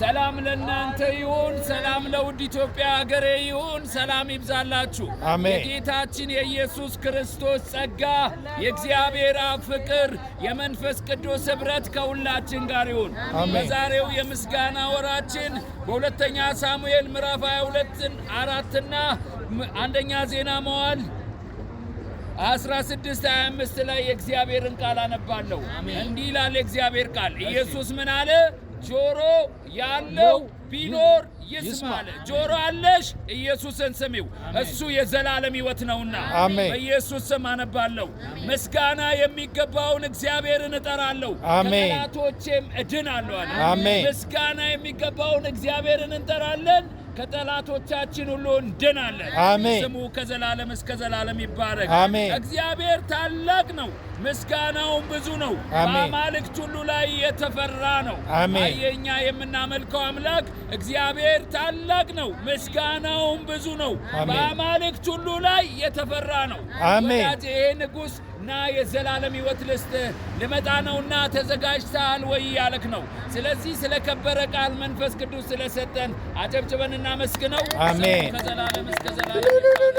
ሰላም ለእናንተ ይሁን፣ ሰላም ለውድ ኢትዮጵያ አገሬ ይሁን፣ ሰላም ይብዛላችሁ። አሜን። የጌታችን የኢየሱስ ክርስቶስ ጸጋ፣ የእግዚአብሔር አብ ፍቅር፣ የመንፈስ ቅዱስ ኅብረት ከሁላችን ጋር ይሁን። በዛሬው የምስጋና ወራችን በሁለተኛ ሳሙኤል ምዕራፍ 22 አራትና አንደኛ ዜና መዋዕል 16:25 ላይ የእግዚአብሔርን ቃል አነባለሁ። እንዲህ ይላል የእግዚአብሔር ቃል። ኢየሱስ ምን አለ? ጆሮ ያለው ቢኖር ይስማ አለ። ጆሮ አለሽ? ኢየሱስን ስሚው፣ እሱ የዘላለም ሕይወት ነውና። በኢየሱስ ስም አነባለሁ። ምስጋና የሚገባውን እግዚአብሔርን እጠራለሁ፣ ከጠላቶቼም እድን አለ። ምስጋና የሚገባውን እግዚአብሔርን እንጠራለን ከጠላቶቻችን ሁሉ እንድናለን። አሜን። ስሙ ከዘላለም እስከ ዘላለም ይባረክ። አሜን። እግዚአብሔር ታላቅ ነው፣ ምስጋናውም ብዙ ነው። በአማልክት ሁሉ ላይ የተፈራ ነው። አሜን። የምናመልከው አምላክ እግዚአብሔር ታላቅ ነው፣ ምስጋናውም ብዙ ነው። በአማልክት ሁሉ ላይ የተፈራ ነው። አሜን። ይሄ ንጉሥ ና የዘላለም ሕይወት ልስጥ ልመጣ ነውና ተዘጋጅተሃል ወይ ያለክ ነው። ስለዚህ ስለከበረ ቃል መንፈስ ቅዱስ ስለሰጠን አጨብጭበን እናመስግነው። አሜን። ከዘላለም እስከ ዘላለም